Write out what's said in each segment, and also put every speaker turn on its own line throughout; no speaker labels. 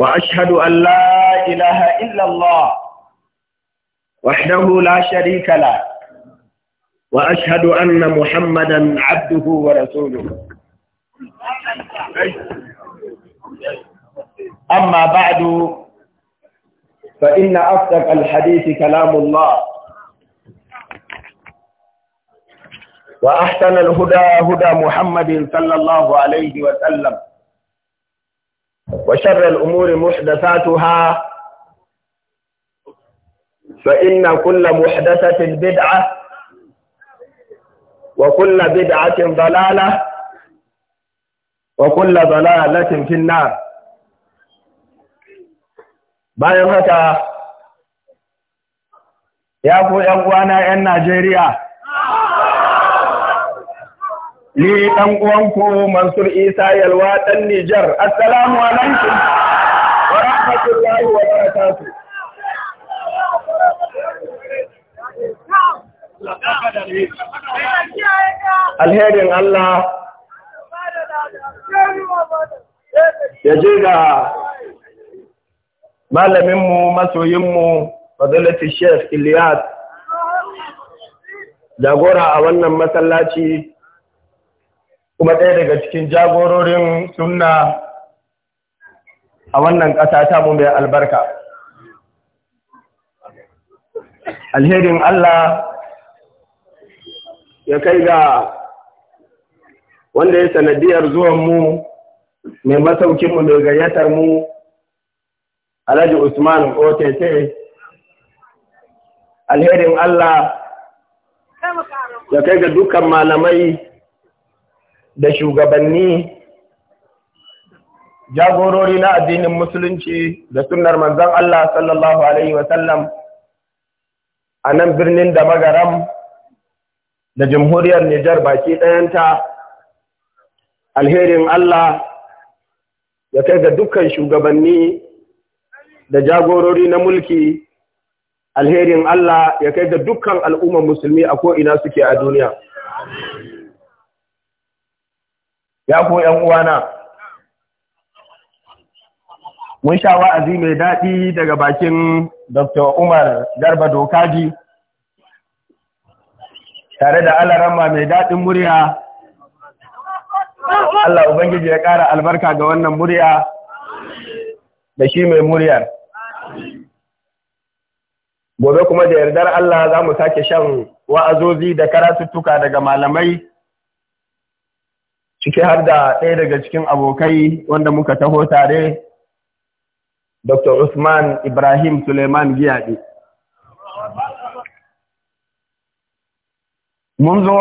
وأشهد أن لا إله إلا الله وحده لا شريك له وأشهد أن محمدا عبده ورسوله أما بعد فإن أصدق الحديث كلام الله وأحسن الهدى هدى محمد صلى الله عليه وسلم وشر الأمور محدثاتها فإن كل محدثة بدعة وكل بدعة ضلالة وكل ضلالة في النار bayan haka يا ku يا uwana ‘yan ni ɗan uwanku Mansur Isa Yalwa ɗan Nijar. Assalamu alaikum
wa rahmatullahi wa barakatuh. Alherin Allah ya je ga
malaminmu masoyinmu fadilati Sheikh Iliyas jagora a wannan masallaci kuma ɗaya daga cikin jagororin sunna a wannan ƙasa ta mu mai albarka alherin Allah ya kai ga wanda ya sanadiyar zuwan mu mai masaukinmu mai gayyatar mu alhaji usman ott alherin Allah ya kai ga dukkan malamai da shugabanni jagorori na addinin musulunci da sunnar manzon Allah sallallahu alaihi wasallam a nan birnin da magaram da jamhuriyar Nijar baki ɗayanta alherin Allah ya kai ga dukkan shugabanni da jagorori na mulki alherin Allah ya kai ga dukkan al'ummar musulmi a ko'ina suke a duniya. ya ko ‘yan uwana. Mun sha wa'azi mai daɗi daga bakin Dr. Umar Garba Dokaji, tare da alaramma mai daɗin murya, Allah Ubangiji ya ƙara albarka ga wannan murya da shi mai muryar. Gobe kuma da yardar Allah za mu sake shan wa'azozi da karatuttuka daga malamai. ciki har da ɗaya daga cikin abokai wanda muka taho tare dr usman ibrahim suleiman giyaɗe mun zo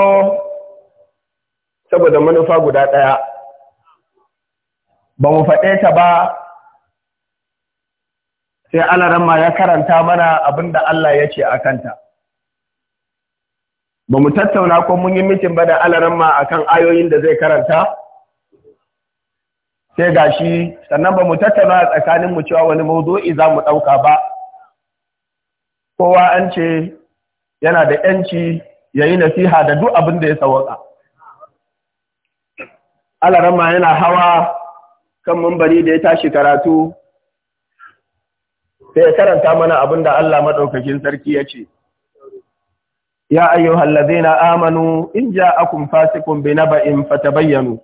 saboda manufa guda ɗaya ba mu faɗe ta ba sai alarama ya karanta mana abin da allah ya ce a kanta ba mu tattauna ko mun yi mitin ba da alaran ma kan ayoyin da zai karanta sai gashi sannan ba mu tattauna a tsakanin mu cewa wani mawdu'i za mu ɗauka ba kowa an ce yana da yanci ya yi nasiha da duk abin da ya sawaka alaran ma yana hawa kan mambari da ya tashi karatu sai ya karanta mana abin da Allah maɗaukakin sarki ya ce يا أيها الذين آمنوا إن جاءكم فاسق بنبأ فتبينوا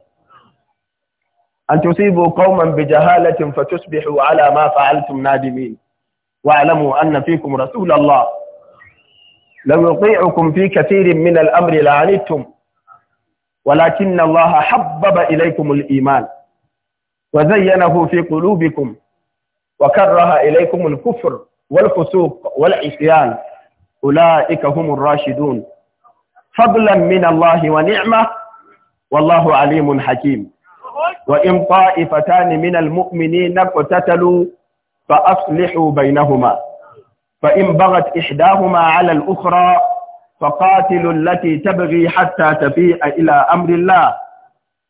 أن تصيبوا قوما بجهالة فتصبحوا على ما فعلتم نادمين واعلموا أن فيكم رسول الله لو يطيعكم في كثير من الأمر لعنتم ولكن الله حبب إليكم الإيمان وزينه في قلوبكم وكره إليكم الكفر والفسوق والعصيان أولئك هم الراشدون فضلا من الله ونعمة والله عليم حكيم وإن طائفتان من المؤمنين اقتتلوا فأصلحوا بينهما فإن بغت إحداهما على الأخرى فقاتلوا التي تبغي حتى تفيء إلى أمر الله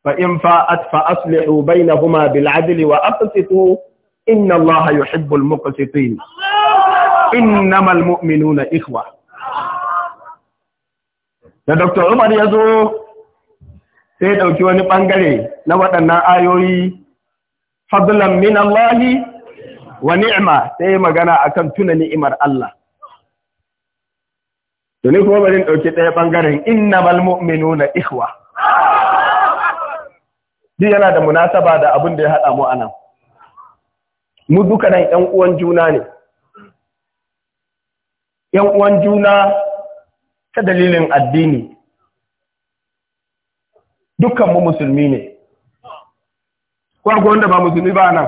فإن فاءت فأصلحوا بينهما بالعدل وأقسطوا إن الله يحب المقسطين innamal mu'minuna ikhwa da Dr. Umar ya zo sai ya ɗauki wani bangare na waɗannan ayoyi fadlan min allah wa ni'ma sai ya magana akan tuna ni'imar Allah to ni kuma bari ɗauki ɗaya ɓangaren innamal mu'minuna ikhwa Di yana da munasaba da abin da ya haɗa mu anan mu duka nan yan uwan juna ne ‘yan uwan juna ta dalilin addini, dukkanmu musulmi ne, kwakwa wanda ba musulmi ba nan.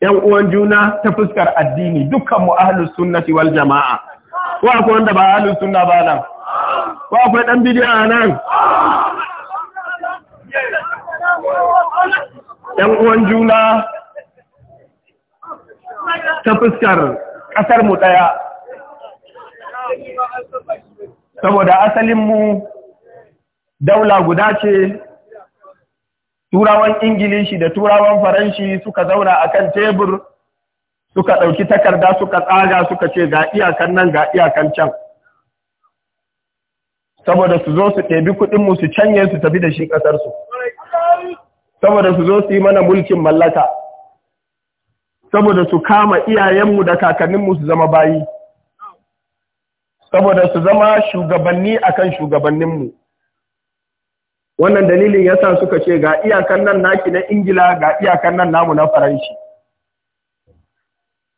‘Yan uwan juna ta fuskar addini, dukkanmu ahalus sunnati wal jama'a, kwakwa wanda ba ahalus sunna ba nan, kwakwa ɗan a nan.
‘Yan uwan juna ta fuskar ƙasar mu ɗaya saboda asalinmu
daula guda ce turawan ingilishi da turawan faranshi suka zauna a kan tebur suka ɗauki takarda suka tsaga suka ce ga iyakan nan ga iyakan can saboda su zo su ɗebi kuɗinmu su canye su tafi da shi ƙasarsu saboda su zo su yi mana mulkin mallaka saboda su kama iyayenmu da kakanninmu su zama bayi saboda su zama shugabanni akan shugabanninmu wannan dalilin yasa suka ce ga iyakan nan naki na ingila ga iyakan nan namu na faranshi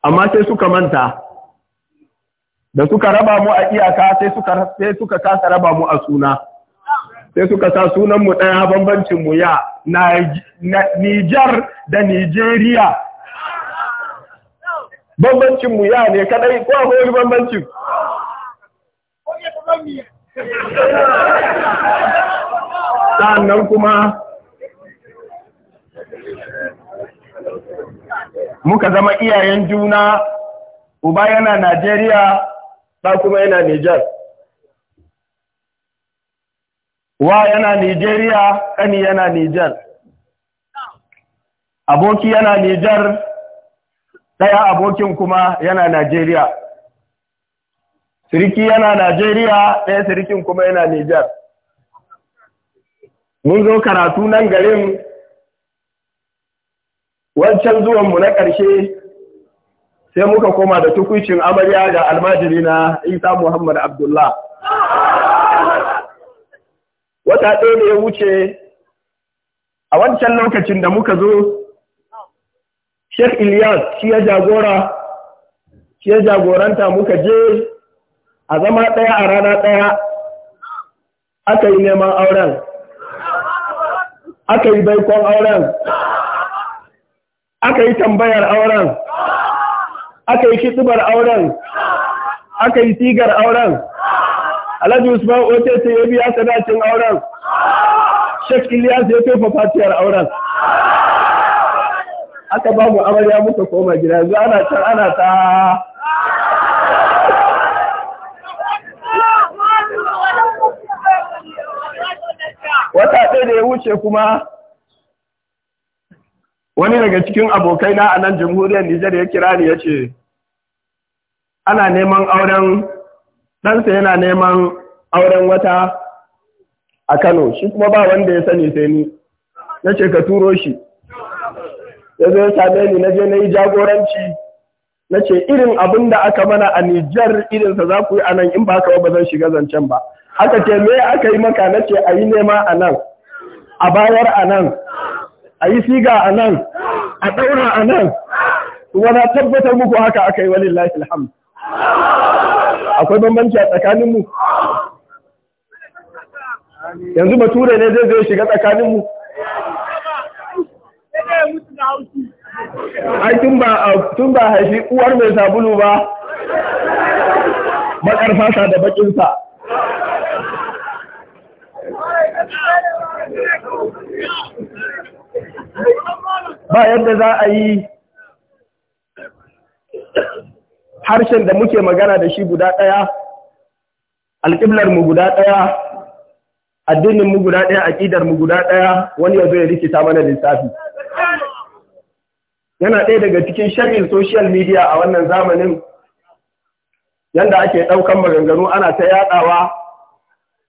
amma sai suka manta da suka raba mu a iyaka sai suka kasa raba mu a suna sai suka sa sunanmu ɗaya bambancinmu bambancin ya Niger da Nijeriya. bambancin mu ya ne kadai ko akwai wani bambancin
sannan kuma
muka zama iyayen juna uba yana Najeriya ba kuma yana Nijar wa yana Nijeriya kani yana Nijar aboki yana Nijar ɗaya abokin kuma yana Najeriya. Siriki yana Najeriya, ɗaya sirikin kuma yana Nijar. Mun zo karatu nan garin wancan zuwanmu na ƙarshe sai muka koma da tukucin amarya ga almajiri na Isa Muhammad Abdullah. Wata ɗaya ne ya wuce a wancan lokacin da muka zo Sheikh Ilyas shi ya jagora shi ya jagoranta muka je a zama ɗaya a rana ɗaya aka yi neman auren
aka yi baikon auren
aka yi tambayar auren aka yi kitubar auren
aka yi sigar
auren alhaji usman ote ya biya sadacin auren Sheikh ilyas ya tofa fatiyar auren aka ba mu amarya muka koma gida yanzu ana can ana ta wata ɗaya da ya wuce kuma wani daga cikin abokai na a nan jamhuriyar Nijar ya kira ni ya ce ana neman auren ɗansa yana neman auren wata a Kano shi kuma ba wanda ya sani sai ni na ce ka turo shi ya zo ya same ni na je na yi jagoranci na ce irin abin da aka mana a Nijar irinsa za ku yi anan in ba ka ba zan shiga zancen ba aka ce me aka yi maka na ce a yi nema a nan a bayar a nan a yi siga a nan
a ɗaura a nan
wana tabbatar muku haka aka yi wani lafi akwai bambanci a tsakaninmu
yanzu bature
ne zai zai shiga tsakaninmu
mutu da haushi ai tun ba
ah, tun ba haifi uwar mai sabulu ba
bakar fasa da
bakin sa ba yadda za a yi harshen da muke magana da shi guda ɗaya alƙiblar mu guda ɗaya addinin mu guda ɗaya aƙidar mu guda ɗaya wani ya zo ya rikita mana lissafi yana ɗaya daga cikin sharrin social media a wannan zamanin yanda ake ɗaukan maganganu ana ta yaɗawa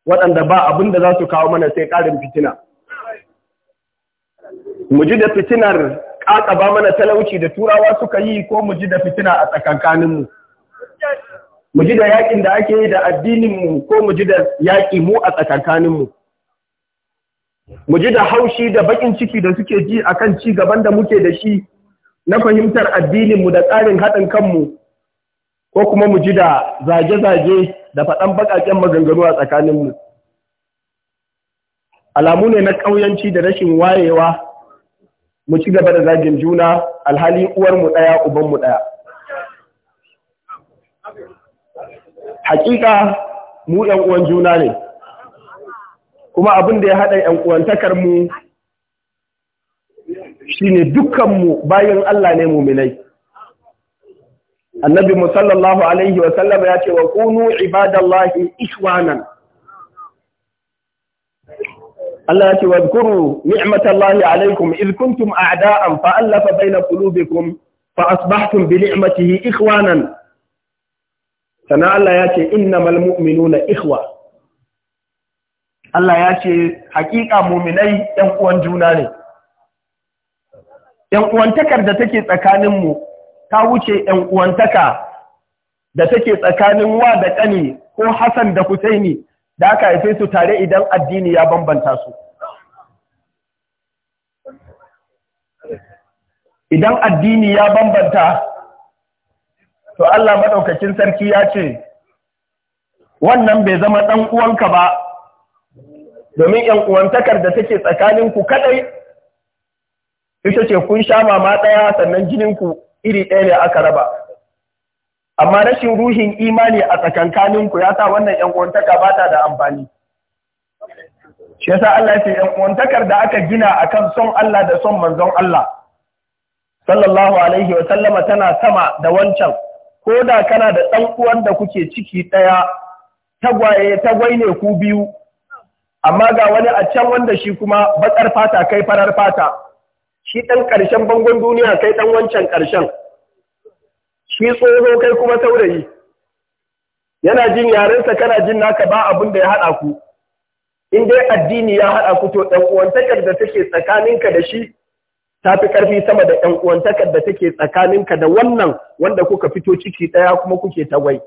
waɗanda ba abin da za su kawo mana sai ƙarin fitina mu ji da fitinar ƙaƙaba mana talauci da turawa suka yi ko mu ji da fitina a tsakankaninmu mu ji da yaƙin da ake yi da addininmu ko mu ji da yaƙi mu a tsakankaninmu mu ji da haushi da baƙin ciki da suke ji a kan ci gaban da muke da shi na fahimtar addininmu da tsarin haɗin kanmu ko kuma mu ji da zage-zage da faɗan baƙaƙen maganganu a tsakaninmu. Alamu ne na ƙauyanci da rashin wayewa mu ci gaba da zagin juna alhali uwarmu ɗaya ubanmu ɗaya. Hakika mu ‘yan uwan juna ne, kuma abin da ya haɗa ‘yan shine dukanmu bayan Allah ne muminai annabi musallallahu alaihi wa sallam ya ce wa kunu ibadallahi ikhwanan Allah ya ce wa dhkuru ni'matallahi alaikum id kuntum a'da'an fa allafa baina qulubikum fa asbahtum bi ni'matihi ikhwanan sana Allah ya ce innamal na ikhwa Allah ya ce haƙiƙa muminai yan uwan juna ne ‘yan uwantakar da take tsakaninmu ta wuce ‘yan uwantaka da take tsakanin wa da ƙani ko Hassan da Husaini da aka haife su tare idan addini ya bambanta su. Idan addini ya bambanta, to Allah maɗaukakin sarki ya ce, wannan bai zama ɗan'uwanka ba, domin ‘yan uwantakar da take tsakaninku kaɗai ita ce kun sha mama ɗaya sannan jinin ku iri ɗaya ne aka raba amma rashin ruhin imani a tsakankaninku ya sa wannan ‘yan uwantaka ba ta da amfani shi yasa Allah ce ‘yan uwantakar da aka gina a kan son Allah da son manzon Allah sallallahu alaihi wa sallama tana sama da wancan ko da kana da ɗan uwan da kuke ciki ɗaya tagwaye tagwai ne ku biyu amma ga wani a can wanda shi kuma baƙar fata kai farar fata shi ɗan ƙarshen bangon duniya kai ɗan wancan ƙarshen shi tsoho kai kuma taurayi yana jin yarensa kana jin naka ba abin da ya haɗa ku in dai addini ya haɗa ku to ɗan uwantakar da take tsakaninka da shi ta fi ƙarfi sama da ɗan uwantakar da take tsakaninka da wannan wanda kuka fito ciki ɗaya kuma kuke tagwai.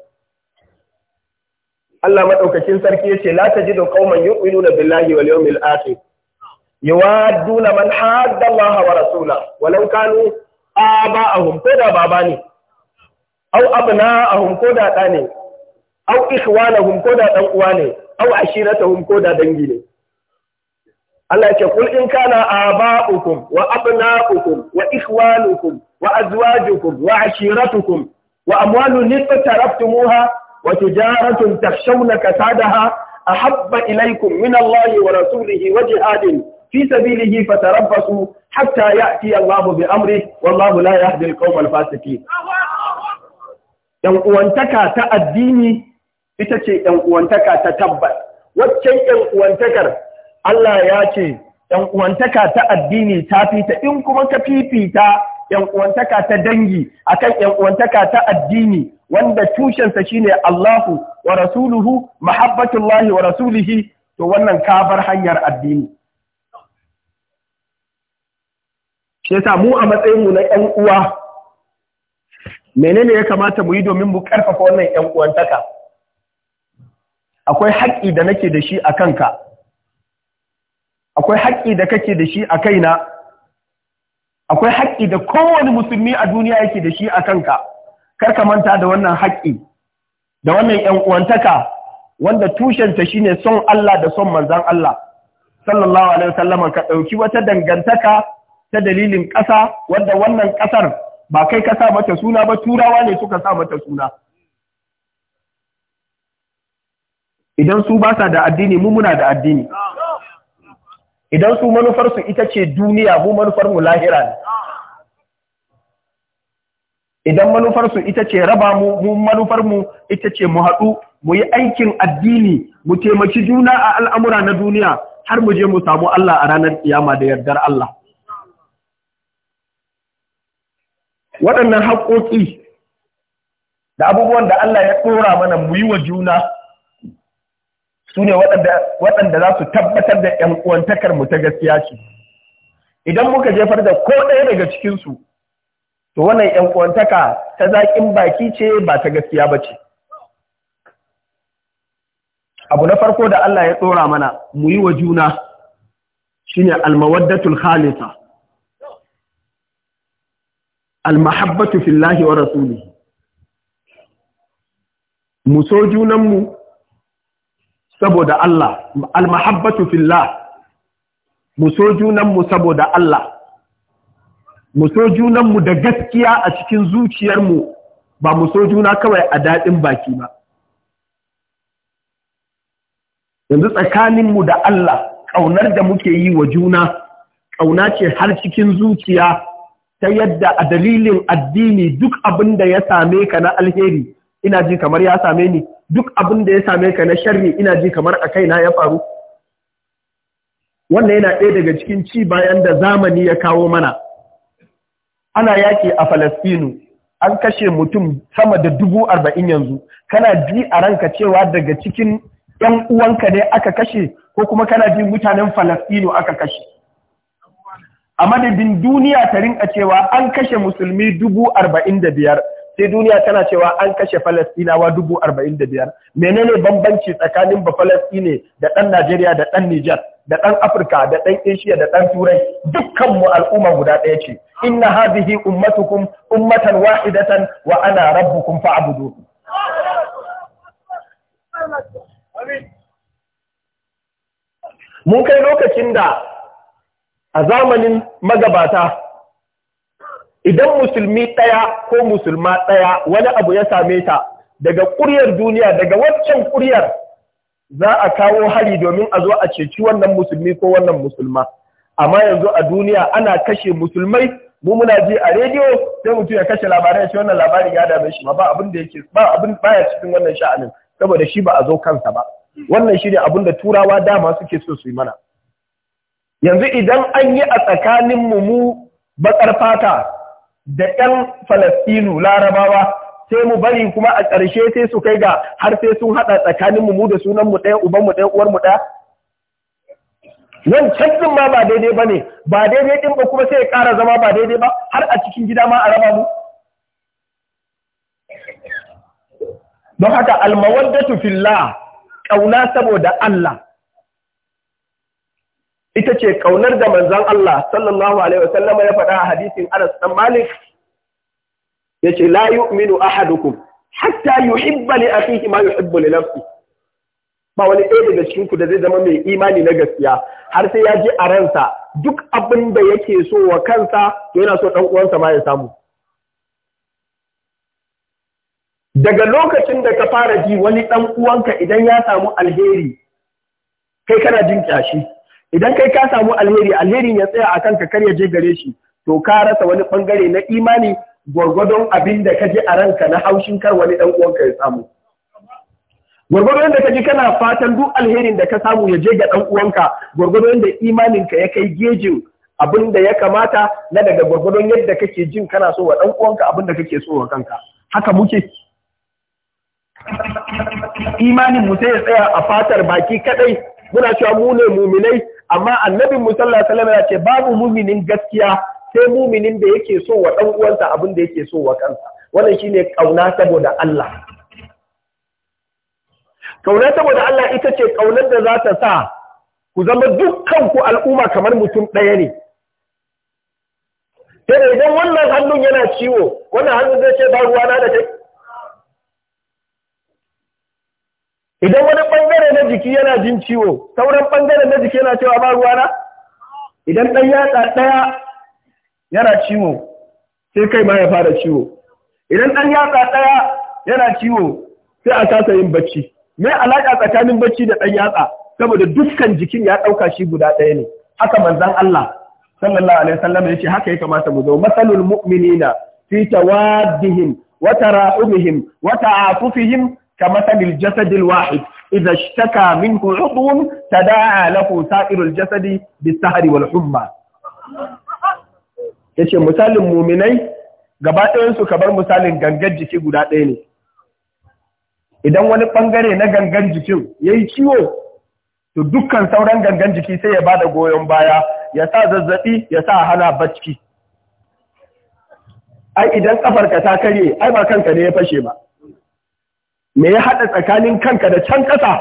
Allah maɗaukakin sarki ya ce la tajidu qauman yu'minuna billahi wal yawmil akhir yawadduna man hadda Allah wa rasula walau kanu a hunko da baba ne Au aw a hunko da da ne Au aw ikhwanahum hunko da dan uwa ne aw ashiratahum hunko da dangi ne Allah yake kul in kana aba'ukum wa abna'ukum wa ikhwanukum wa azwajukum wa ashiratukum wa amwalun muha, wa tijaratun takhshawna kasadaha ahabba ilaykum min Allah wa rasulihi wa jihadin fi sabilihi fatarabbasu hatta ya'ti Allah bi amri wallahu la yahdi al-qawm al-fasiqin yan uwantaka ta addini ita ce yan uwantaka ta tabbas Wacce yan uwantakar Allah ya ce yan uwantaka ta addini ta fita in kuma ka fifita yan uwantaka ta dangi akan yan uwantaka ta addini wanda tushensa shine Allahu wa rasuluhu mahabbatullahi wa rasulihi to wannan ka bar hanyar addini shi yasa mu a matsayin mu na 'yan uwa menene ya kamata mu yi domin mu karfafa wannan ƴan uwantaka akwai haƙƙi da nake da shi a kanka akwai haƙƙi da kake da shi a kaina akwai haƙƙi da kowane musulmi a duniya yake da shi a kanka kar ka manta da wannan haƙƙi da wannan ƴan uwantaka wanda tushenta shine son Allah da son manzon Allah sallallahu alaihi wasallam ka ɗauki wata dangantaka ta dalilin ƙasa wanda wannan ƙasar ba kai ka sa mata suna ba turawa ne suka sa mata suna idan su ba sa da addini mu muna da addini idan su manufarsu ita ce duniya mu manufarmu lahira ne idan manufarsu ita ce raba mu mu manufarmu ita ce mu haɗu mu yi aikin addini mu taimaki juna a al'amura na duniya har mu je mu samu Allah a ranar kiyama da yardar Allah waɗannan haƙoƙi da abubuwan da Allah ya tsora mana mu yi wa juna su ne waɗanda za su tabbatar da ‘yan uwantakarmu mu ta gaskiya ce. Idan muka jefar da ko ɗaya daga cikinsu, to wannan yanuwantaka ta zaƙin baki ce ba ta gaskiya ba ce. Abu na farko da Allah ya tsora mana mu yi wa juna shine almawaddatul khalisa almahabbatu fillahi wa rasulihi mu junanmu saboda Allah almahabbatu fillah mu saboda Allah mu da gaskiya a cikin zuciyarmu ba mu so juna kawai a daɗin baki ba yanzu tsakaninmu da Allah ƙaunar da muke yi wa juna ƙauna ce har cikin zuciya ta yadda a dalilin addini duk abin da ya same ka na alheri ina ji kamar ya same ni duk abin da ya same ka na sharri ina ji kamar a kaina ya faru wannan yana ɗaya daga cikin ci bayan da zamani ya kawo mana ana yaƙi a Falastinu an kashe mutum sama da dubu arba'in yanzu kana ji a ranka cewa daga cikin ‘yan uwanka ne aka kashe ko kuma kana ji mutanen Falastinu aka kashe a madadin duniya ta rinka cewa an kashe musulmi dubu arba'in da biyar sai duniya tana cewa an kashe falastinawa dubu arba'in da biyar menene bambanci tsakanin ba falastine da ɗan najeriya da ɗan nijar da ɗan afirka da ɗan asia da ɗan turai dukkan mu al'umma guda ɗaya ce inna hadhihi ummatukum ummatan wa'idatan wa ana rabbukum fa'budu mun kai lokacin da a zamanin magabata idan musulmi ɗaya ko musulma ɗaya wani abu ya same ta daga ƙuryar duniya daga waccan ƙuryar za a kawo hari domin a zo a ceci wannan musulmi ko wannan musulma amma yanzu a duniya ana kashe musulmai mu muna ji a rediyo sai mutum ya kashe labarai shi wannan labarin ya dame shi ba abin da yake ba abin baya cikin wannan sha'anin saboda shi ba a zo kansa ba wannan shi ne abin da turawa dama suke so su yi mana yanzu idan an yi a tsakanin mu mu bakar fata da ɗan falastinu larabawa sai mu bari kuma a ƙarshe sai su kai ga har sai sun haɗa tsakanin mu da sunan mu ɗaya uban mu ɗaya uwar mu ɗaya wancan din ma ba daidai ba ne ba daidai din ba kuma sai ya ƙara zama ba daidai ba har a cikin gida ma a raba mu don haka almawaddatu fillah ƙauna saboda Allah ita ce kaunar da manzan Allah sallallahu alaihi wasallama ya faɗa a hadisin Anas ɗan Malik ya ce la yi a haduku. hatta hibbali a akhihi ma yuhibbu na nafsi ba wani ɗaya daga cikinku da zai zama mai imani na gaskiya har sai ya ji a ransa duk abin da yake so wa kansa to yana so ɗan uwansa ma ya samu daga lokacin da ka fara ji wani ɗan uwanka idan ya samu alheri kai kana jin kyashi idan kai ka samu alheri alherin ya tsaya akan ka kar ya je gare shi to ka rasa wani bangare na imani gwargwadon abin da ka je a ranka na haushin kar wani dan uwanka ya samu gwargwadon da ka ji kana fatan duk alherin da ka samu ya je ga dan uwanka gwargwadon da imaninka ya kai gejin abin da ya kamata na daga gwargwadon yadda kake jin kana so wa dan uwanka abin da kake so wa kanka haka muke imanin mu sai ya tsaya a fatar baki kadai muna cewa mu ne muminai amma annabin mu sallallahu ya ce babu muminin gaskiya sai muminin da yake so wa dan abin da yake so wa kansa wannan shine kauna saboda Allah kauna saboda Allah ita ce kaunar da za ta sa ku zama dukkan ku al'umma kamar mutum ɗaya ne sai
idan wannan hannun yana
ciwo wannan hannun zai ce ba ruwa na da kai idan wani bangare na jiki yana jin ciwo sauran bangare na jiki yana cewa ba ruwana idan ɗan yatsa ɗaya yana ciwo sai kai ma ya fara ciwo idan ɗan yatsa ɗaya yana ciwo sai a sasa yin bacci me alaka tsakanin bacci da ɗan yatsa saboda dukkan jikin ya ɗauka shi guda ɗaya ne haka manzon Allah sallallahu alaihi wasallam yace haka ya kamata mu zo masalul mu'minina fi tawaddihim wa tarahumihim wa ta'afufihim كمثل الجسد الواحد إذا اشتكى منه عضو تداعى له سائر الجسد بالسهر والحمى yace misalin muminai gaba ɗayansu bar misalin gangan jiki guda ɗaya ne idan wani ɓangare na gangan jikin ya yi ciwo to dukkan sauran gangan jiki sai ya bada goyon baya ya sa zazzaɓi ya sa hana bacci ai idan ƙafarka ta karye ai ba kanka ne ya fashe ba me ya haɗa tsakanin kanka da can ƙasa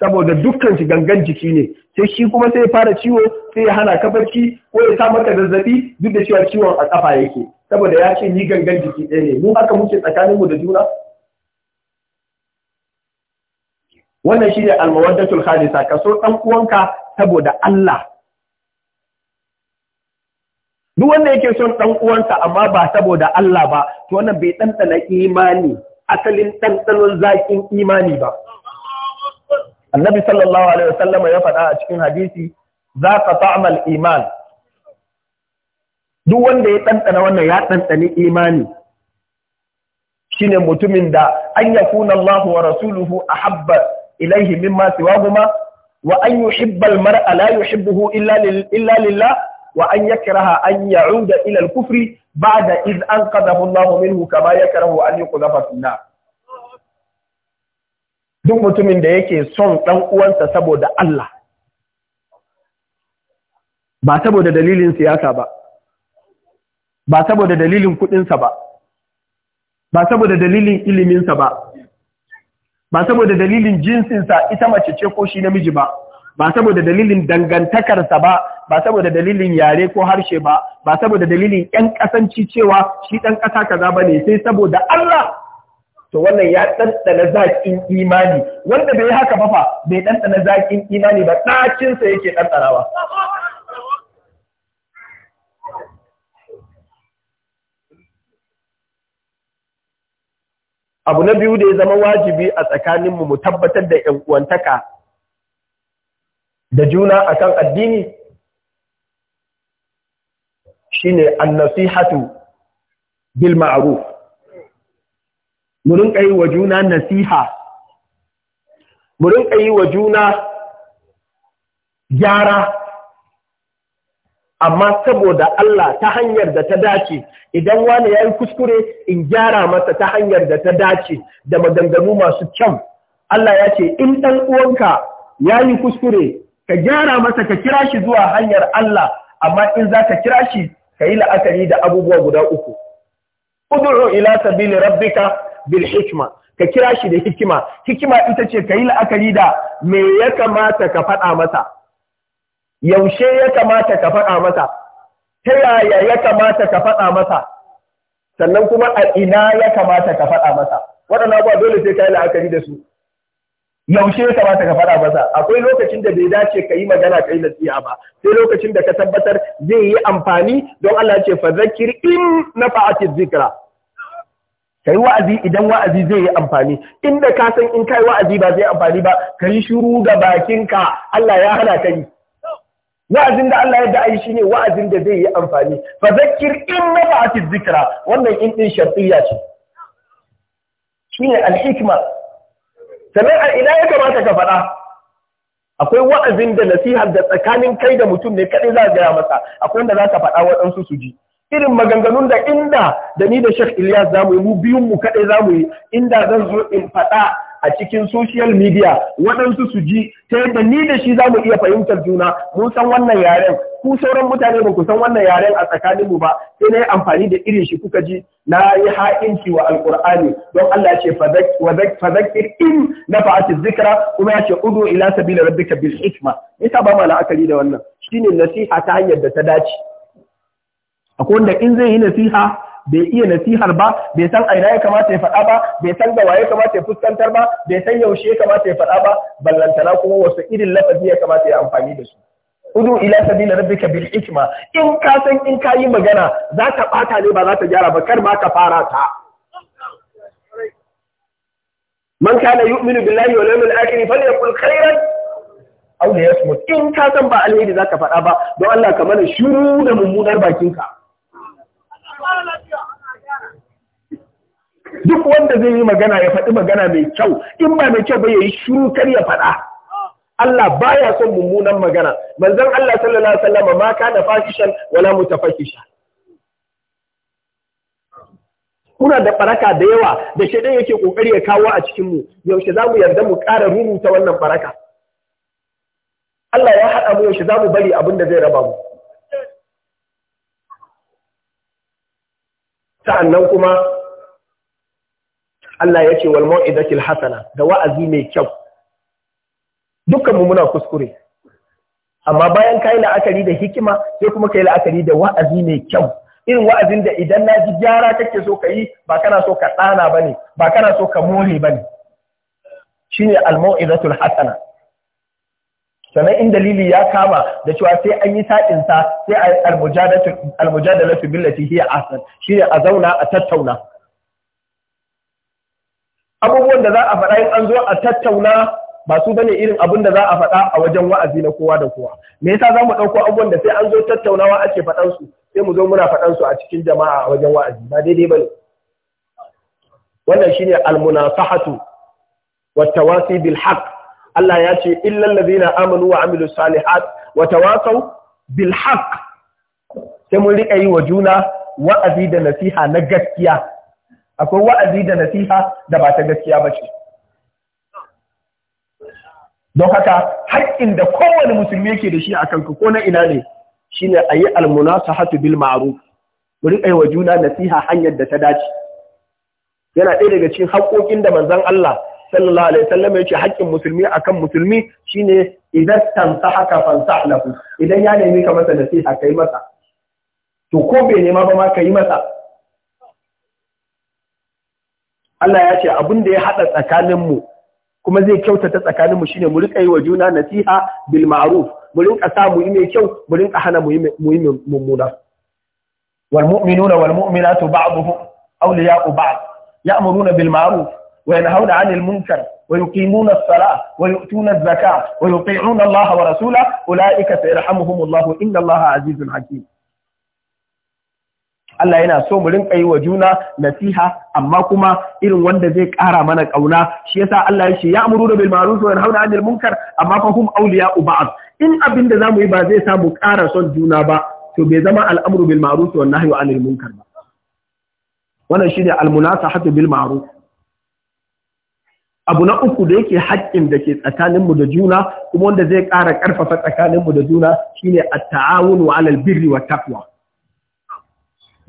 saboda dukkan shi gangan jiki ne sai shi kuma sai ya fara ciwo sai ya hana ka barci ko ya sa maka zazzabi duk da cewa ciwon a ƙafa yake saboda ya ce ni gangan jiki ɗaya ne mu haka muke tsakaninmu da juna wannan shine almawaddatul khalisa ka so dan saboda Allah duk wanda yake son dan uwansa amma ba saboda Allah ba to wannan bai ɗanɗana imani asalin ɗanɗanon zaƙin imani ba. Annabi sallallahu Alaihi wasallama ya faɗa a cikin hadisi, za ka ta'amal iman. Duk wanda ya ɗanɗana wannan ya ɗanɗani imani. Shi ne mutumin da an ya kuna Allah wa rasuluhu a habba ilaihi mimma siwahuma wa an yuhibbal mar'a la yuhibbuhu illa lillah wa an yakraha an ya'uda ilal kufri ba'da iz anqadahu Allahu minhu kama yakrahu an yuqdafa fi nar duk mutumin da yake son dan uwansa saboda Allah ba saboda dalilin siyasa ba ba saboda dalilin kuɗinsa ba ba saboda dalilin iliminsa ba ba saboda dalilin jinsinsa ita mace ce ko shi namiji ba ba saboda dalilin dangantakarsa ba ba saboda dalilin yare ko harshe ba ba saboda dalilin yan kasanci cewa shi ɗan ƙasa kaza ne, sai saboda Allah to wannan ya ɗanɗana zaƙin imani wanda bai haka ba fa bai ɗanɗana zaƙin imani ba ɗacinsa yake ɗanɗanawa abu na biyu da ya zama wajibi a tsakaninmu mu tabbatar da 'yan uwantaka da juna a kan addini shine an-nasihatu bil ma'ruf mu rinka yi wa juna nasiha mu rinka yi wa juna gyara amma saboda Allah ta hanyar da ta dace idan wani ya yi kuskure in gyara masa ta hanyar da ta dace da maganganu masu kyau Allah ya ce in ɗan uwanka ya yi kuskure ka gyara masa ka kira shi zuwa hanyar Allah amma in za ka kira shi ka yi la'akari da abubuwa guda uku udu'u ila sabili rabbika bil hikma ka kira shi da hikima hikima ita ce ka yi la'akari da me ya kamata ka faɗa masa yaushe ya kamata ka faɗa masa ta yaya ya kamata ka faɗa masa sannan kuma a ina ya kamata ka faɗa masa waɗannan abuwa dole sai ka yi la'akari da su yaushe ya kamata ka fara masa akwai lokacin da bai dace ka yi magana ka yi nasiha ba sai lokacin da ka tabbatar zai yi amfani don Allah ce fa zakir in nafa'ati zikra kai wa'azi idan wa'azi zai yi amfani inda ka san in kai wa'azi ba zai amfani ba kai shiru ga bakinka Allah ya hana ka yi wa'azin da Allah ya ai shine wa'azin da zai yi amfani fa zakir in nafa'ati zikra wannan in din shartiyya ce shine al-hikma sannan a ina ya kamata ka faɗa akwai wa'azin da nasiha da tsakanin kai da mutum ne kaɗai za a gaya masa akwai wanda za ka faɗa waɗansu su ji irin maganganun da inda da ni da shek Ilyas za mu yi mu biyun mu kaɗai za mu yi inda zan zo in faɗa a cikin social media waɗansu su ji ta yadda ni da shi za mu iya fahimtar juna mun san wannan yaren ku sauran mutane ba ku san wannan yaren a tsakaninmu ba sai na yi amfani da irin shi kuka ji na yi ha'inci wa alkur'ani don Allah ce fadakir in na fa'ati zikira kuma ya ce udu ila sabila rabbika bil hikma ta ba la'akari da wannan shine nasiha ta hanyar da ta dace akwai wanda in zai yi nasiha bai iya nasihar ba bai san aina ya kamata ya faɗa ba bai san da waye kamata ya fuskantar ba bai san yaushe ya kamata ya faɗa ba ballantana kuma wasu irin lafazi ya kamata ya amfani da su udu ila sabila rabbika bil hikma in ka san in ka yi magana za ka bata ne ba za ta gyara ba kar ma ka fara ta man kana yu'minu billahi wal yawmil akhir falyakul khairan aw liyasmut in ka san ba alheri za ka faɗa ba don Allah ka mana shiru da mummunar bakinka duk wanda zai yi magana ya faɗi magana mai kyau in ba mai kyau ba yayi shiru kar ya faɗa Allah baya son mummunan magana manzon Allah sallallahu alaihi wasallam ma da fashishan wala mutafakisha kuna da baraka da yawa da shedan yake kokari ya kawo a cikin mu yaushe zamu yarda mu ƙara rubuta wannan baraka Allah ya haɗa mu yaushe zamu bari abin da zai raba mu sa'annan kuma Allah ya ce wal mau'izatil hasana da wa'azi mai kyau dukkan mu muna kuskure amma bayan kai la'akari da hikima sai kuma kai la'akari da wa'azi mai kyau irin wa'azin da idan na ji gyara kake so ka yi ba kana so ka tsana ba ne ba kana so ka more ba ne shi ne hasana sannan in dalili ya kama da cewa sai an yi sa sai a almujadalatu billati hiya ahsan shi ne a zauna a tattauna abubuwan da za a faɗa in an zo a tattauna ba su bane irin abin da za a faɗa a wajen wa'azi na kowa da kowa me yasa za mu ɗauko abubuwan da sai an zo tattaunawa ake faɗan su sai mu zo muna faɗan su a cikin jama'a a wajen wa'azi ba daidai bane wannan shine almunasahatu wat tawasi bil haqq Allah ya ce illal ladina amanu wa amilu salihat wa tawasaw bil haqq sai mun rika yi wa juna wa'azi da nasiha na gaskiya akwai wa'azi da nasiha da ba ta gaskiya ba ce don haka haƙƙin da kowane musulmi yake da shi a kanka ko na ina ne shi shine a yi hatu bil ma'aru, mu riƙa wa juna nasiha hanyar da ta dace yana ɗaya daga cikin haƙoƙin da manzon Allah sallallahu alaihi wasallam ya ce haƙƙin musulmi akan musulmi shi ne, idan tansahaka fansah lahu idan ya nemi ka masa nasiha ka yi masa to ko bai nema ba ma ka yi masa Allah ya ce abin da ya haɗa tsakaninmu kuma zai kyautata tsakaninmu shine mu riƙa yi wa juna nasiha bil ma'ruf mu rinka sa mu yi mai kyau mu rinka hana mu yi mummuna wal mu'minuna wal mu'minatu ba'dhum awliya'u ba'd ya'muruna bil ma'ruf wa yanhauna 'anil munkar wa yuqimuna as-salata wa yu'tuna az-zakata wa yuti'una Allah wa rasulahu ulaika sayarhamuhumullahu inna Allah 'azizun hakim Allah yana so mu rinka yi wa juna nasiha amma kuma irin wanda zai ƙara mana ƙauna shi yasa Allah ya ce ya amuru da bil ma'ruf wa yanhauna 'anil munkar amma fa hum awliya'u ba'd in abin da zamu yi ba zai samu ƙara son juna ba to bai zama al'amru bil ma'ruf wa nahyu 'anil munkar ba wannan shine al munasahatu bil ma'ruf abu na uku da yake haƙƙin da ke tsakaninmu da juna kuma wanda zai ƙara ƙarfafa tsakaninmu da juna shine at-ta'awun 'alal birri wa taqwa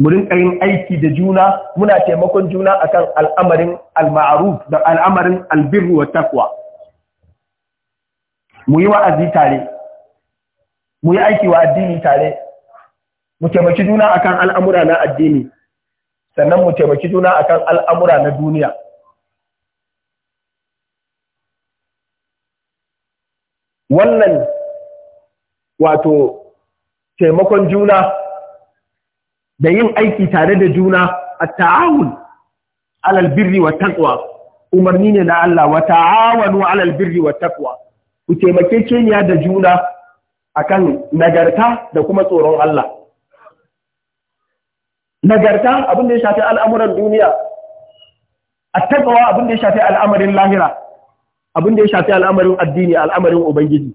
mu rinka yin aiki da juna muna taimakon juna akan al'amarin al-ma'ruf da al'amarin albirru wa taqwa mu yi wa'azi tare mu yi aiki wa addini tare mu taimaki juna akan al'amura na addini sannan mu taimaki juna akan al'amura na duniya wannan wato taimakon juna da yin aiki tare da juna a taawun alal birri wa taqwa umarni ne na Allah wa ta'awanu alal birri wa taqwa ku taimake keniya da juna akan nagarta da kuma tsoron Allah nagarta abin da ya shafi al'amuran duniya A taqwa abin da ya shafi al'amarin lahira abin da ya shafi al'amarin addini al'amarin ubangiji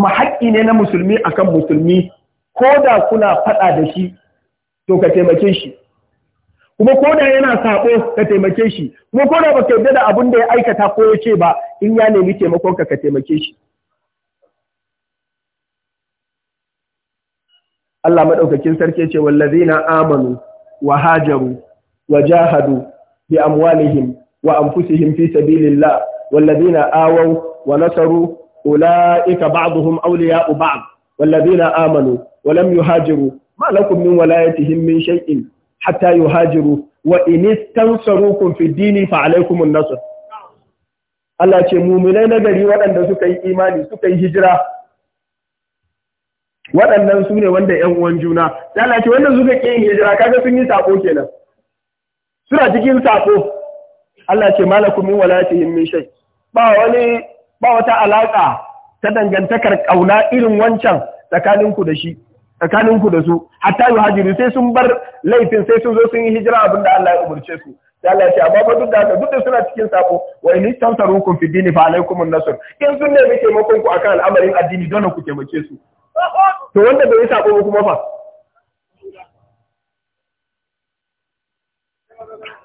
kuma haƙƙi ne na musulmi akan musulmi ko da kuna faɗa da shi to ka taimake shi kuma ko da yana saɓo ka taimake shi kuma ko da baka yarda da abin da ya aikata ko ya ce ba in ya nemi taimakon ka ka taimake shi Allah maɗaukakin sarki ce wallazina amanu wa hajaru wa jahadu bi amwalihim wa anfusihim fi sabilillah na Awon, wa nasaru أولئك بعضهم أولياء بعض والذين آمنوا ولم يهاجروا ما لكم من ولايتهم من شيء حتى يهاجروا وإن استنصروكم في الدين فعليكم النصر Allah ce muminai na gari waɗanda suka yi imani suka yi hijira waɗannan su ne wanda ‘yan uwan juna Allah ce wanda suka ƙi yin hijira kaga sun yi sako suna cikin sako Allah ce malakum ba wani ba wata alaƙa ta dangantakar ƙauna irin wancan tsakaninku da shi su hatta yi hajjiri sai sun bar laifin sai sun zo sun yi hijira abin da Allah ya umarce su sai Allah ya ce duk da haka duk da suna cikin sako wa in kun fi dini fa alaikum an-nasr in sun ne muke makon ku akan al'amarin addini dole ku taimake su to wanda bai sako ba kuma fa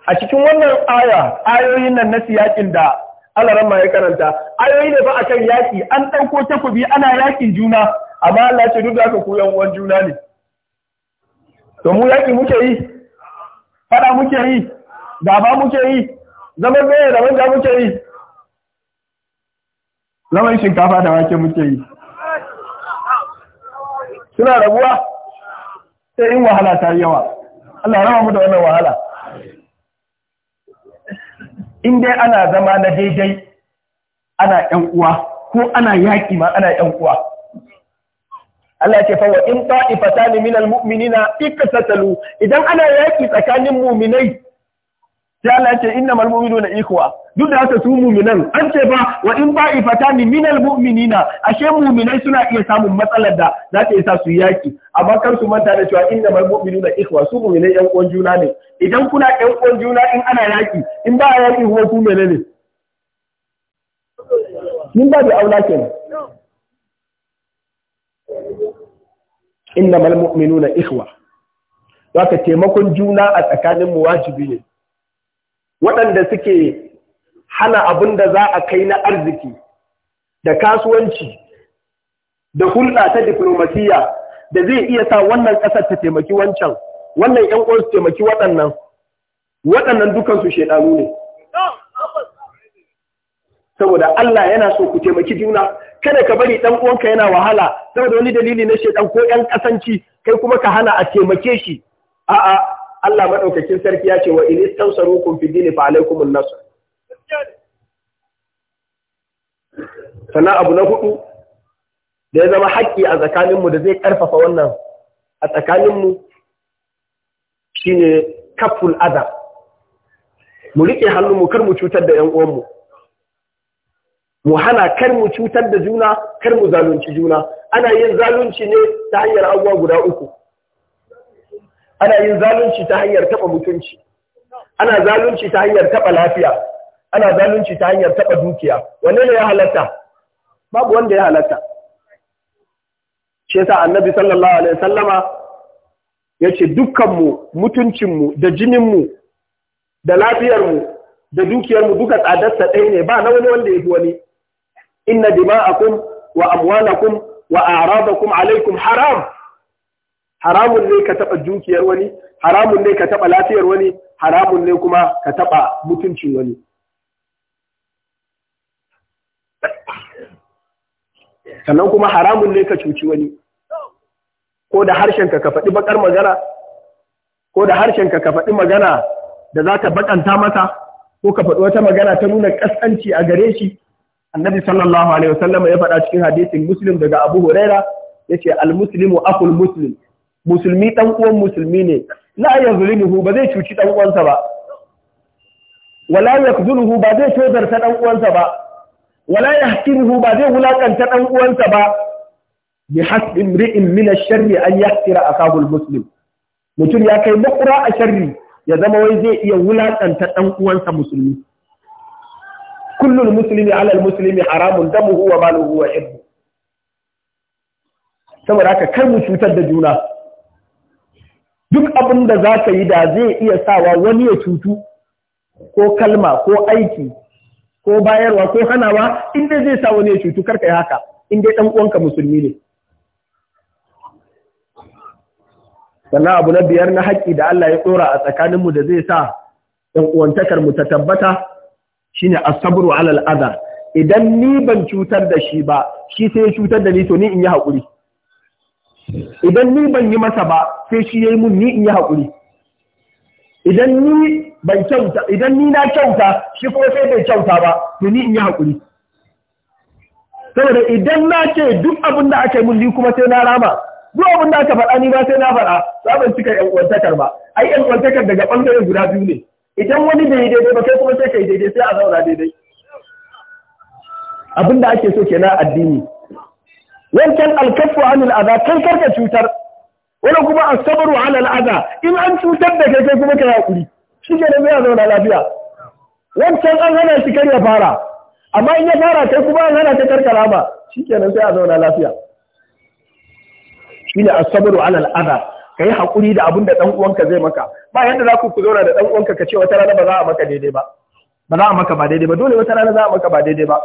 a cikin wannan aya ayoyin nan na siyakin da alaran ma ya karanta ayoyi ne fa kan yaki an ɗauko takobi ana yakin juna amma Allah ce duk da ka ku uwan juna ne to mu yaki muke yi fada muke yi gaba muke yi zaman zai da manja muke yi zaman shinkafa da wake muke yi suna rabuwa sai in wahala ta yawa Allah rama mu da wannan wahala in dai ana zama na daidai ana ‘yan uwa ko ana yaƙi ma ana ‘yan uwa. Allah ce fa wa in ta'ifata ne minal mu'minina ikatatalu idan ana yaƙi tsakanin muminai sai Allah ya ce innamal mu'minuna ikhwa duk da haka su mu'minan an ce ba wa in ba ba'ifatani minal mu'minina ashe mu'minai suna iya samun matsalar da za ta isa su yaki amma kar su manta da cewa innamal mu'minuna ikhwa su mu'minai yan uwan juna ne idan kuna yan uwan juna in ana yaki in ba yaki ko ku menene
min ba da aula kenan
innamal mu'minuna ikhwa Zaka taimakon juna a tsakanin mu wajibi ne. waɗanda suke hana abin da za a kai na arziki da kasuwanci da hulɗa ta diflomasiyya da zai iya sa wannan ƙasar ta taimaki wancan wannan ‘yan uwan taimaki waɗannan waɗannan dukansu shaidanu ne saboda Allah yana so ku taimaki juna kada ka bari ɗan uwanka yana wahala saboda wani dalili na shaidan ko ‘yan ƙasanci kai kuma ka hana a taimake shi a'a Allah maɗaukakin sarki ya ce wa in istansarukum fi dini fa alaikum an-nasr sana abu na hudu da ya zama haƙƙi a tsakaninmu da zai ƙarfafa wannan a tsakaninmu shine kaful adab mu riƙe hannunmu kar mu cutar da ƴan mu hana kar mu cutar da juna kar mu zalunci juna ana yin zalunci ne ta hanyar abubuwa guda uku ana yin zalunci ta hanyar taɓa mutunci ana zalunci ta hanyar taɓa lafiya ana zalunci ta hanyar taɓa dukiya wanne ne ya halatta babu wanda ya halatta shi yasa annabi sallallahu alaihi wasallama yace dukkanmu mutuncinmu da jininmu da lafiyarmu da dukiyarmu duka tsadarsa ɗaya ne ba na wani wanda ya fi wani inna dima'akum wa amwalakum wa a'radakum alaikum haram haramun ne ka taɓa dukiyar wani haramun ne ka taɓa lafiyar wani haramun ne kuma ka taɓa mutuncin wani sannan kuma haramun ne ka cuci wani ko da harshenka ka faɗi baƙar magana ko da harshenka ka faɗi magana da za ka baƙanta mata ko ka faɗi wata magana ta nuna ƙasƙanci a gare shi annabi sallallahu alaihi wasallam ya faɗa cikin hadisin muslim daga abu huraira ce al muslimu akul muslim musulmi dan uwan musulmi ne la yazlimuhu ba zai cuci dan uwansa ba wala yakzuluhu ba zai tozarta dan uwansa ba wala yahkiruhu ba zai wulakanta dan uwansa ba bi hasbi imri'in min ash-sharri an yahkira akahu al-muslim mutum ya kai makura a sharri ya zama wai zai iya wulakanta dan uwansa musulmi kullul muslimi ala al-muslimi haramun damuhu wa maluhu wa irbu saboda haka kar mu cutar da juna duk abin da za ka yi da zai iya sawa wani ya cutu ko kalma ko aiki ko bayarwa ko hanawa inda zai sa wani ya cutu karka yi haka inda dai ɗan uwanka musulmi ne sannan abu na biyar na haƙƙi da Allah ya ɗora a tsakaninmu da zai sa ɗan uwantakar mu ta tabbata shine asabru alal adha idan ni ban cutar da shi ba shi sai ya cutar da ni to ni in yi haƙuri idan ni ban yi masa ba sai shi ya yi mun ni in yi haƙuri idan ni ban kyauta idan ni na kyauta shi kuma sai bai kyauta ba to ni in yi haƙuri saboda idan na ce duk abin da aka yi mun ni kuma sai na rama duk abin da aka faɗa ni ba sai na faɗa za ban cika ƴan uwantakar ba ai ƴan uwantakar daga ɓangaren guda biyu ne idan wani bai yi daidai ba kai kuma sai ka yi daidai sai a zauna daidai abin da ake so kenan addini wancan alkafu an aza kan karka cutar wani kuma asabaru alal aza in an cutar da kai kai kuma ka yaƙuri shi ke da zai zauna lafiya wancan an hana shi kar ya fara amma in ya fara kai kuma an hana ka karkara ba shi ke nan sai zauna lafiya shi ne asabaru alal aza ka yi haƙuri da abin da ɗan uwanka zai maka ba yadda za ku zauna da ɗan uwanka ka ce wata rana ba za a maka daidai ba ba za a maka ba daidai ba dole wata rana za a maka ba daidai ba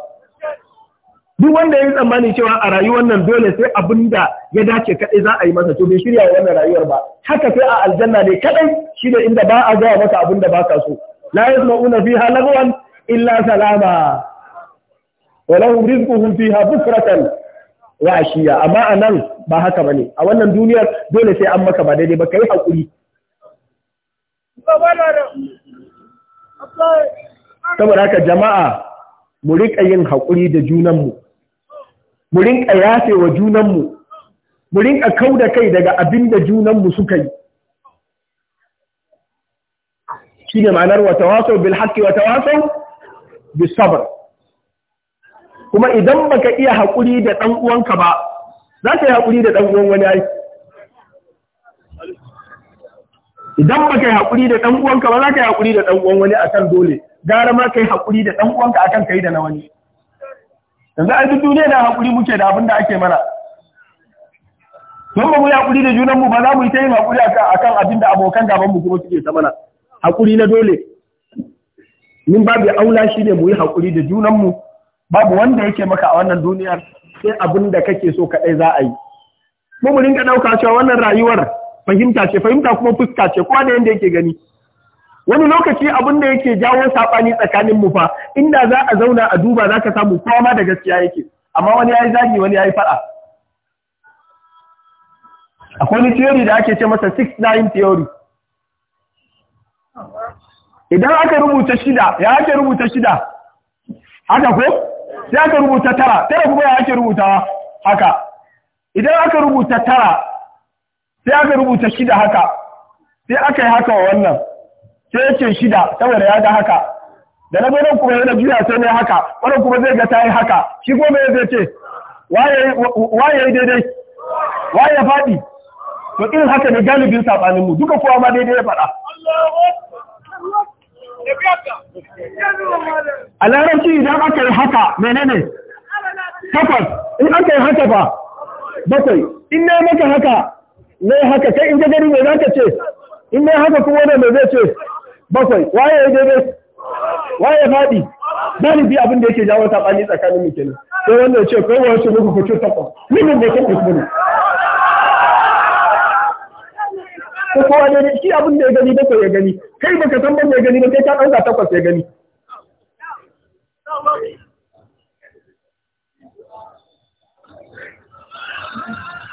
duk wanda ya yi tsammani cewa a rayuwar nan dole sai abin da ya dace kaɗai za a yi masa to bai shirya wa wannan rayuwar ba haka sai a aljanna ne kaɗai shi ne inda ba a gaya maka abin da ba ka so la yasma'una fiha lagwan illa salama wa lahum rizquhum fiha bukratan wa ashiya amma anan ba haka ne. a wannan duniyar dole sai an maka ba daidai ba kai hakuri saboda haka jama'a mu riƙa yin haƙuri da junanmu mu rinka yafe wa junanmu mu rinka kau da kai daga abin da junanmu suka yi shi ne ma'anar wata waso bil haƙƙi wata waso bis sabar kuma idan baka iya haƙuri da ɗan uwanka ba za ka yi haƙuri da ɗan uwan wani ai idan baka yi haƙuri da ɗan uwanka ba za ka yi haƙuri da ɗan uwan wani akan dole gara ma ka yi haƙuri da ɗan uwanka akan kai da na wani yanzu an duk duniya na haƙuri muke da abin da ake mana don ba mu yi haƙuri da junanmu ba za mu yi ta yin haƙuri a kan abin da abokan gabanmu kuma suke ta mana haƙuri na dole min babu aula shi ne mu yi haƙuri da junanmu babu wanda yake maka a wannan duniyar sai abin da kake so kaɗai za a yi mu mu rinka ɗauka cewa wannan rayuwar fahimta ce fahimta kuma fuska ce kowa da yanda yake gani wani lokaci abin da yake jawo saɓani tsakanin mu fa inda za a zauna a duba za ka samu kowa ma da gaskiya yake amma wani ya yi zagi wani ya yi faɗa akwai wani theory da ake ce masa 6-9 theory idan aka rubuta shida ya ake rubuta shida haka ko sai aka rubuta tara tara kuma ya ake rubuta haka idan aka rubuta tara sai aka rubuta shida haka sai aka yi haka wa wannan sai ce shida saboda ya ga haka da na gwanon kuma yana juya sai ne haka wani kuma zai ga tayi yi haka shi kuma me zai ce waye yi daidai waye ya faɗi to irin haka ne galibin saɓanin mu duka kowa ma daidai ya faɗa
a larabci idan aka yi haka menene takwas in aka yi haka ba bakwai in
na maka haka ne haka kai in ga gari mai za ka ce in na haka kuma wanda mai zai ce bakwai waye ya daidai waye faɗi galibi abin da yake jawo saɓani tsakanin mu kenan sai wanda ya ce ko wani su muku kucu takwas nuna ne kan usmanu
ko kowa ne
shi abin da ya gani bakwai ya gani kai baka san ban ya gani ba kai ka ɗauka takwas ya gani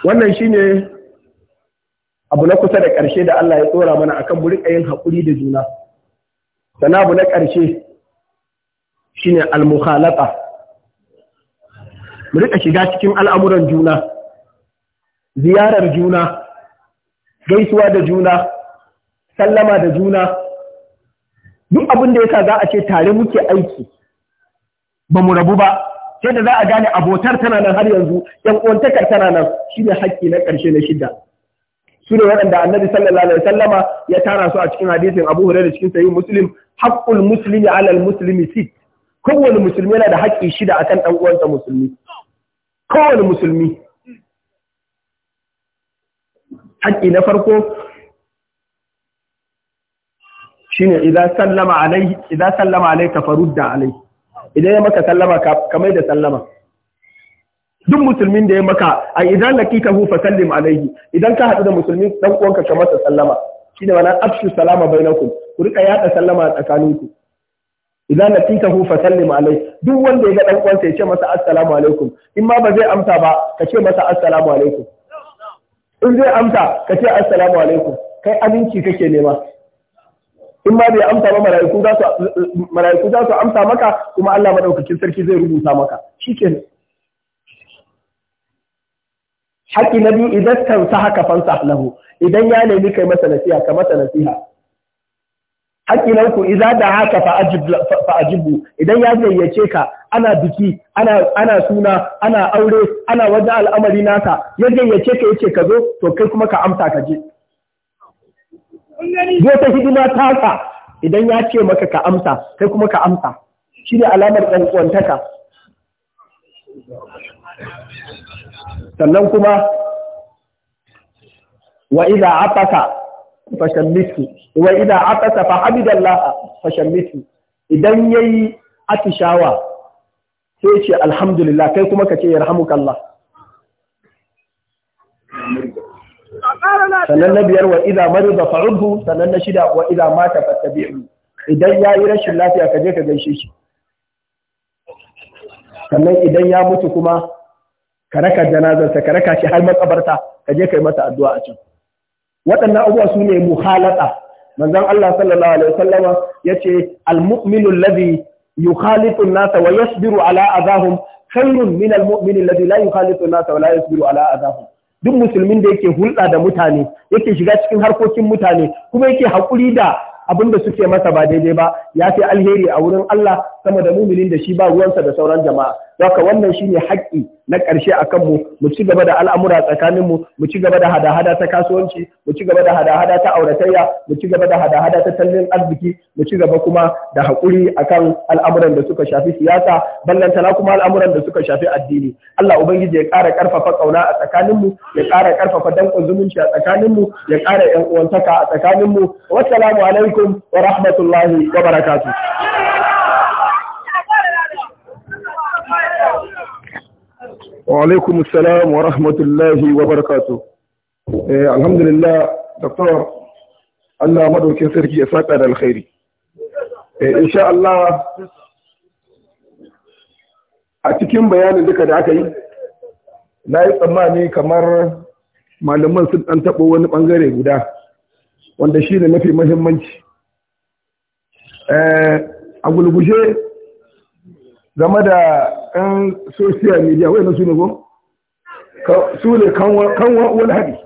wannan shine abu na kusa da ƙarshe da Allah ya tsora mana akan mu riƙa yin haƙuri da juna sana na ƙarshe ne al-mukhalata mu rika shiga cikin al'amuran juna ziyarar juna gaisuwa da juna sallama da juna duk abin da yasa za a ce tare muke aiki ba mu rabu ba sai da za a gane abotar tana nan har yanzu yan uwantakar tana nan Shi ne haƙƙi na ƙarshe na shida su ne waɗanda annabi sallallahu alaihi sallama ya tara su a cikin hadisin abu hurairah cikin sahih muslim haqqul muslimi ala al muslimi sit kowane musulmi yana da haƙƙi shida akan ɗan uwansa musulmi kowane musulmi haƙƙi na farko shine idan sallama alai idan sallama alai ka farudda alai idan ya maka sallama ka mai da sallama duk musulmin da ya maka a idan laqitahu fa sallim alaihi idan ka haɗu da musulmin dan uwanka ka masa sallama shine wannan afshu salama bainakum ku rika yada sallama a tsakaninku idan laqitahu fa sallim alaihi duk wanda ya ga dan uwansa ya ce masa assalamu alaikum in ma ba zai amsa ba ka ce masa assalamu alaikum in zai amsa ka ce assalamu alaikum kai aminci kake nema in ma bai amsa ba mala'iku za su amsa maka kuma Allah madaukakin sarki zai rubuta maka shikenan haƙi na biyu idan kan sa haka fansa lahu idan ya nemi kai masa nasiha ka masa nasiha haƙi na uku idan da haka fa idan ya gayyace ka ana biki ana suna ana aure ana wajen al'amari naka ya gayyace ka yace ka zo to kai kuma ka amsa ka je zo ta hidima taka idan ya ce maka ka amsa kai kuma ka amsa shi ne alamar ɗan ƙwantaka sannan kuma wa idza ataka fashammisu wa idza ataka fa hamidallah fashammisu idan yayi atishawa sai ce alhamdulillah kai kuma kace yarhamukallah
sannan na biyar wa
idza marida fa'udhu sannan na shida wa idza mata fattabi'u idan yayi rashin lafiya ka je ka gaishe shi sannan idan ya mutu kuma ka raka janazarsa ka raka shi har makabarta ka je kai masa addu'a a can waɗannan abubuwa su ne muhalata manzon Allah sallallahu alaihi wasallama yace al-mu'minu alladhi yukhalitu an-nasa wa yasbiru ala adahum khairun min al-mu'min alladhi la yukhalitu an-nasa wa la yasbiru ala adahum duk musulmin da yake hulɗa da mutane yake shiga cikin harkokin mutane kuma yake haƙuri da abin da suke masa ba daidai ba ya fi alheri a wurin Allah sama da muminin da shi ba ruwansa da sauran jama'a haka wannan shi ne haƙƙi na ƙarshe a kanmu mu ci gaba da al'amura tsakaninmu mu ci gaba da hada-hada ta kasuwanci mu ci gaba da hada-hada ta auratayya mu ci gaba da hada-hada ta tallin arziki mu ci gaba kuma da haƙuri a kan al'amuran da suka shafi siyasa ballantana kuma al'amuran da suka shafi addini Allah ubangiji ya ƙara ƙarfafa ƙauna a tsakaninmu ya ƙara ƙarfafa danƙon zumunci a tsakaninmu ya ƙara ƴan uwantaka a tsakaninmu wassalamu alaikum wa rahmatullahi wa barakatuh wa alaikum salam wa rahmatullahi wa barakatu eh alhamdulillah doctor Allah madaukin sarki ya saka da alkhairi eh insha Allah a cikin bayanin duka da aka yi na yi tsammani kamar malaman sun ɗan taɓo wani ɓangare guda wanda shi ne mafi mahimmanci eh, a gulgushe game da 'yan social media wa'ina su ne ko? su ne kanwa wani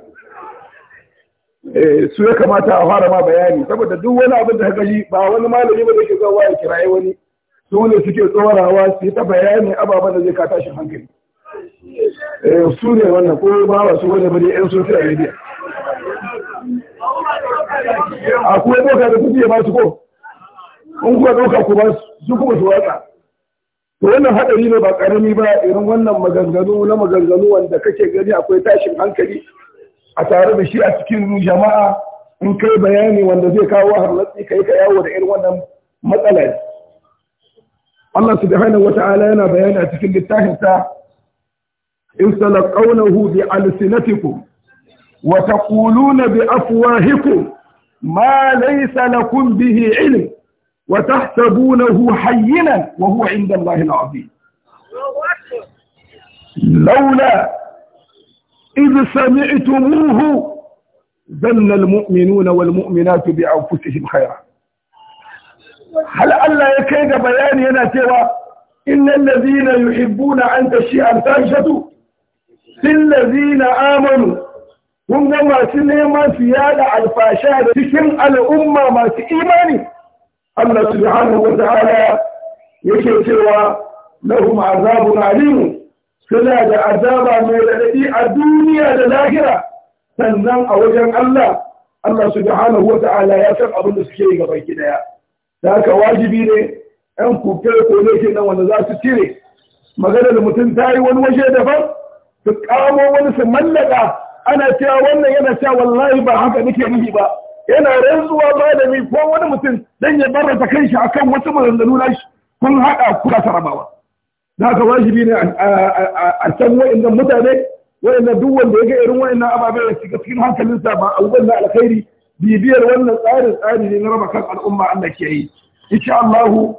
eh, su ya kamata a
fara ma bayani saboda duk wani abin da haka ba wani malami ba da ke zawa ya kiraye wani su ne suke tsorawa su yi ta bayani ababen da zai ka tashin hankali eh, su ne wannan ko ba ba su wani bane yan social media akwai doka da kuke ba su ko in doka ku su kuma su watsa wannan haɗari ne ba ƙarami ba irin wannan maganganu na maganganu wanda kake gani akwai tashin hankali a tare da shi a cikin jama'a in kai bayani wanda zai kawo harlatsi kai ka yawo da irin wannan matsala Allah subhanahu wata'ala yana bayani a cikin littafin ta in talaqawnahu bi alsinatikum wa taquluna bi afwahikum ma laysa lakum bihi ilm وتحسبونه حينا وهو عند الله العظيم لولا إذ سمعتموه ظن المؤمنون والمؤمنات بأنفسهم خيرا هل ألا يكيد بياني أنا ترى إن الذين يحبون أن تشيء الفاحشة للذين آمنوا هم ما سنما سيادة الفاشاة تكن الأمة ما سيماني Allah subhanahu wa ta'ala yake cewa lahum azabun alim suna da azaba mai radadi a duniya da lahira sannan a wajen Allah Allah subhanahu wa ta'ala ya san abin da suke yi gaba ki daya da haka wajibi ne ɗan kuke ko ne ke nan wanda za su cire maganar mutum ta yi wani waje daban su kamo wani su mallaka ana cewa wannan yana cewa wallahi ba haka nake nihi ba yana rantsuwa mi ko wani mutum dan ya barrata kanshi akan wata maganganu na shi kun haɗa kuka sarabawa da haka wajibi ne a can wa'annan mutane wa'annan duk wanda ya ga irin wa'annan ababe da shiga cikin hankalinsa ba abubuwan na alkhairi bibiyar wannan tsarin tsari ne na raba kan al'umma Allah ke yi insha Allah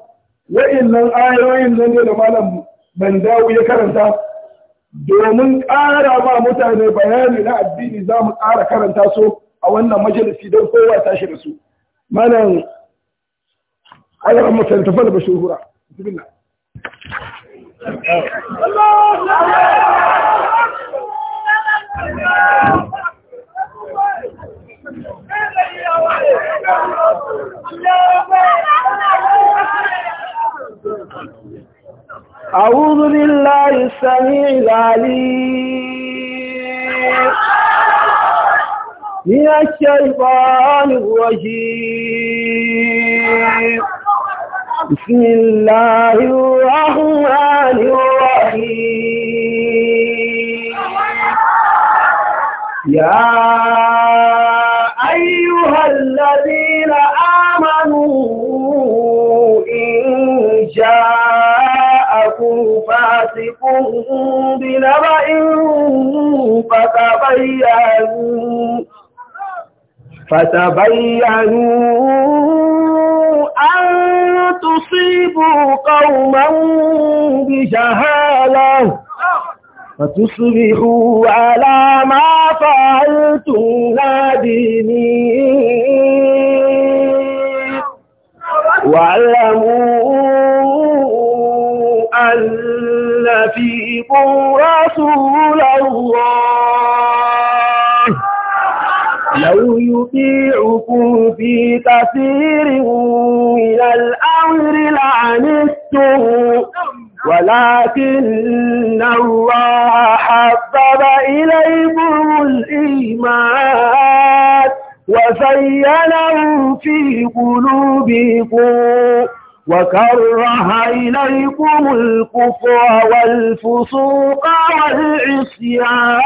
ayoyin nan ne da malam Bandawu ya karanta domin ƙara ba mutane bayani na addini za mu ƙara karanta so a wannan majalisi don kowa tashi da su malam ala mutan tafal bashura bismillah
أعوذ بالله السميع العليم من الشيطان الرجيم بسم الله الرحمن الرحيم يا فتبينوا أن تصيبوا قوما بجهالة فتصبحوا على ما فعلتم نادمين واعلموا أن فيكم رسول الله لو يطيعكم في كثير من الأمر لعنتم ولكن الله حبب إليكم الإيمان وزينه في قلوبكم وكره إليكم الكفر والفسوق والعصيان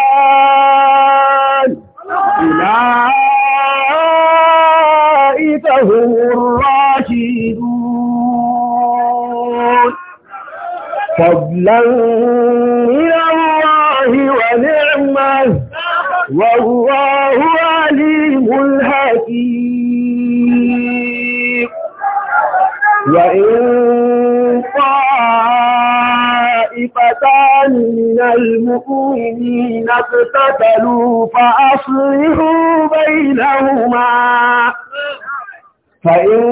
أولئك هم الراشدون فضلا من الله ونعمه والله عليم الحكيم وإن من المؤمنين اقتتلوا فأصلحوا بينهما فإن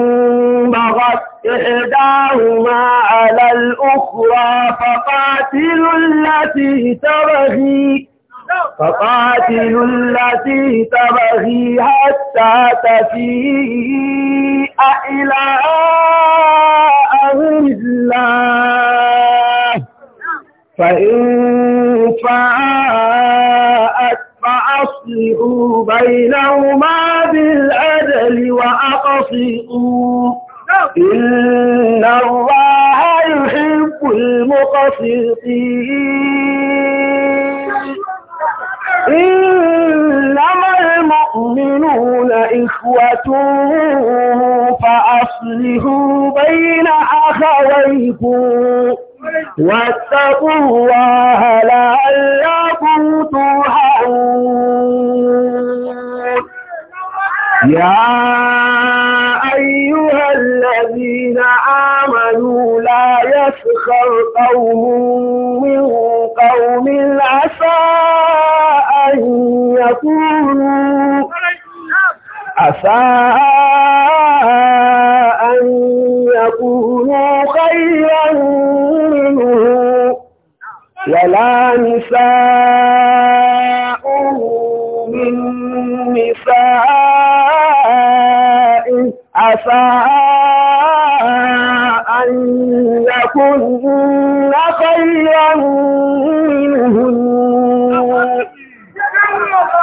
بغت إحداهما على الأخرى فقاتلوا التي تبغي فقاتلوا التي تبغي حتى تفيء إلى أمر الله فإن فاءت فأصلحوا بينهما بالعدل وأقصدوا نعم. إن الله يحب المقصدين إنما المؤمنون إخوة فأصلحوا بين أخويكم واتقوا الله لعلكم ترحمون يا أيها الذين آمنوا لا يسخر قوم من قوم عسى أن يكونوا عسى أن يكونوا نساؤه نساء من نساء عسى أن يكن خيرا منهن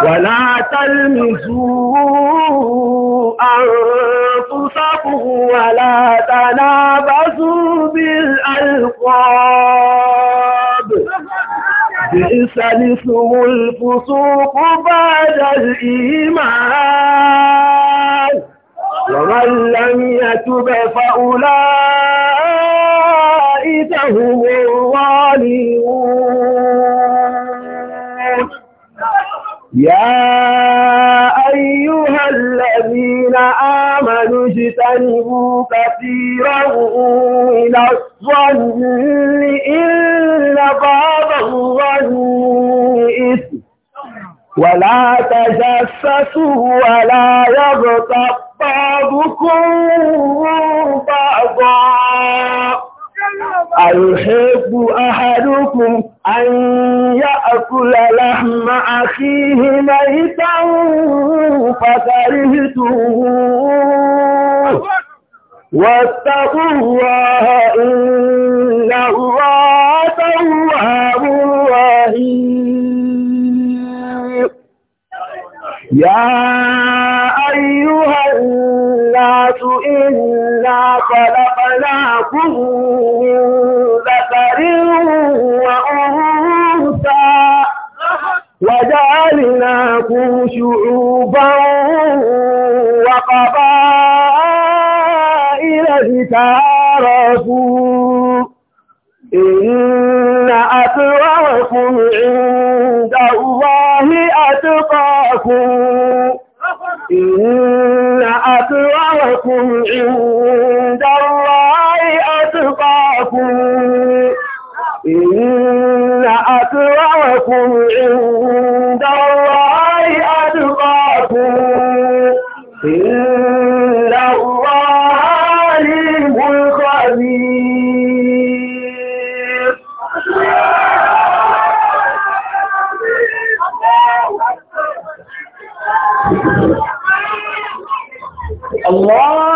ولا تلمزوا أنفسكم ولا تنابزوا بالألقاب بئس الاسم الفسوق بعد الإيمان ومن لم يتب فأولئك هم الظالمون يا الذين آمنوا اجتنبوا كثيرا من الظن إن بعض الظن إثم ولا تجسسوا ولا يغتب بعضكم بعضا أيحب أحدكم أن يأكل لحم أخيه ميتا فكرهتوه واتقوا الله إن الله تواب يا أيها الناس إنا خلقناكم ذكر وأنثى وجعلناكم شعوبا وقبائل لتعرفوا إن أكرمكم عند الله أتقاكم إن أكرمكم عند أتقاكم عند الله أتقاكم إن الله عليم خبير الله